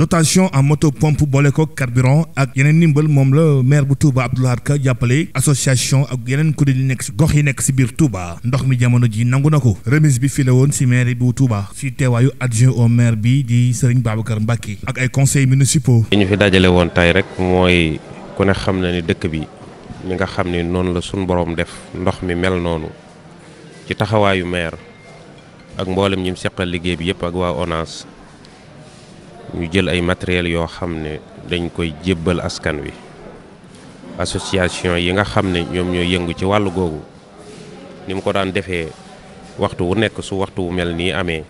dotation en moto pomp boole ko carburant ak yeneen ndimbal moom la maire bu Touba Abdou Lahad Ka jàppale association ak yeneen kuréel yi nekk ci gox yi nekk si biir Touba ndox mi jamono ji nangu na ko remise bi fi la woon si maire bu Touba si teewaayu adjoint au maire bi di Serigne Babacar Mbacké ak ay conseils municipaux. li ñu fi dajale woon tay rek mooy ku ne xam na ni dëkk bi mi nga xam ne noonu la suñ boroom def ndox mi mel noonu ci taxawaayu maire ak mboolem ñi mu liggéey bi yëpp ak waa ONAS. ñu jël ay matériel yoo xam ne dañ koy jébbal askan wi association yi nga xam ne ñoom ñoo yëngu ci wàll googu ni mu ko daan defee waxtu wu nekk su waxtu wu mel nii amee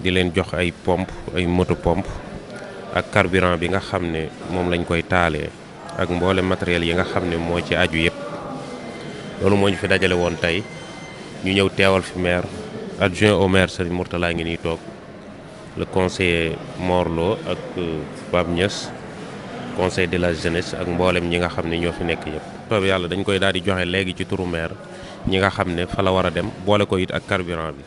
di leen jox ay pompe ay moto pompe ak carburant bi nga xam ne moom lañ koy taalee ak mboole matériel yi nga xam ne moo ci aju yëpp loolu moo ñu fi dajale woon tey ñu ñëw teewal fi maire adjoint au maire Serigne Mourtala ngi nii toog le conseiller Morlo ak euh, Pape Niass conseil de la jeunesse ak mboolem ñi nga xam ne ñoo fi nekk yëpp. soob yàlla dañ koy daal di joxe léegi ci turu ñi nga xam ne fa la war a dem boole ko it ak carburant bi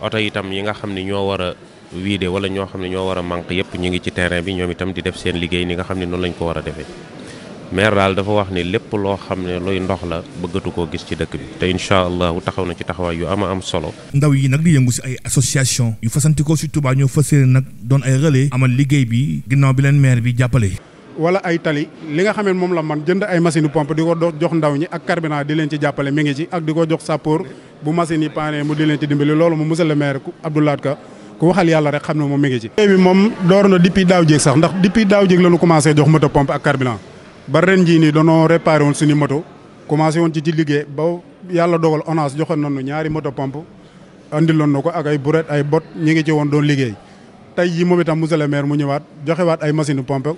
oto itam yi nga xam ni ñoo war a wiide wala ñoo xam ne ñoo war a manque yëpp ñu ngi ci terrain bi ñoom itam di def seen liggéey ni nga xam ne noonu lañ ko war a defee. maire daal dafa wax ni lépp loo xam ne luy ndox la bëggatu ko gis ci dëkk bi te incha allahu taxaw na ci taxawaay yu ama am solo ndaw yi nag di yëngu si ay association yu fasantikoo si Touba ñoo fas yéene nag doon ay relais amal liggéey bi ginnaaw bi leen maire bi jàppale wala ay tali li nga xam ne moom la man jënd ay machine pompe di ko jox ndaw ñi ak carburant di leen ci jàppale mi ngi ci ak di ko jox sappoor bu machine yi paane mu di leen ci dimbali moom mi ngi ci. liggéey bi na depuis daaw jéeg jox moto pompe ak ba ren jii nii danoo réparé woon suñu moto commencé woon ci ci liggéey ba yàlla dogal ONAS joxoon nañu ñaari moto pompe andiloon na ko ak ay buret ay bot ñi ngi ci woon doon liggéey tey jii moom itam monsieur le maire mu ñëwaat joxewaat ay machine pompe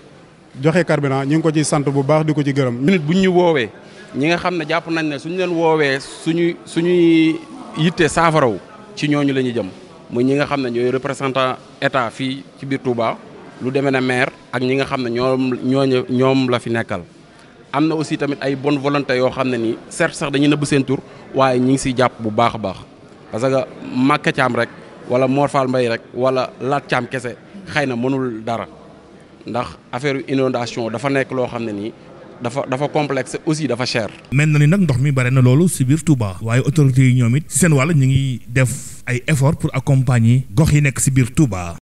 joxe carburant ñu ngi ko ci sant bu baax di ko ci gërëm. minute bu ñu woowee ñi xam ne jàpp nañ ne suñu leen woowee su ñuy suñuy suñuy yitte saafaraw ci ñooñu la ñuy jëm muy ñi nga xam ne ñooy représentant état fii ci biir Touba. lu demee ne maire ak ñi nga xam ne ñoom ñooñu ñoom la fi nekkal am na aussi tamit ay bonne volonté yoo xam ne nii certes sax dañuy nëbb seen tur waaye ñi ngi siy jàpp bu baax a baax parce que Maka rek wala Mor mbay rek wala Lat caam kese xëy na mënul dara ndax affaire inondation dafa nekk loo xam ne nii dafa dafa complexe aussi dafa cher. mel na ni nag ndox mi bare na loolu si biir Touba. waaye autorités yi ñoom it seen wàll ñu ngi def ay effort pour accompagner gox yi nekk si biir Touba.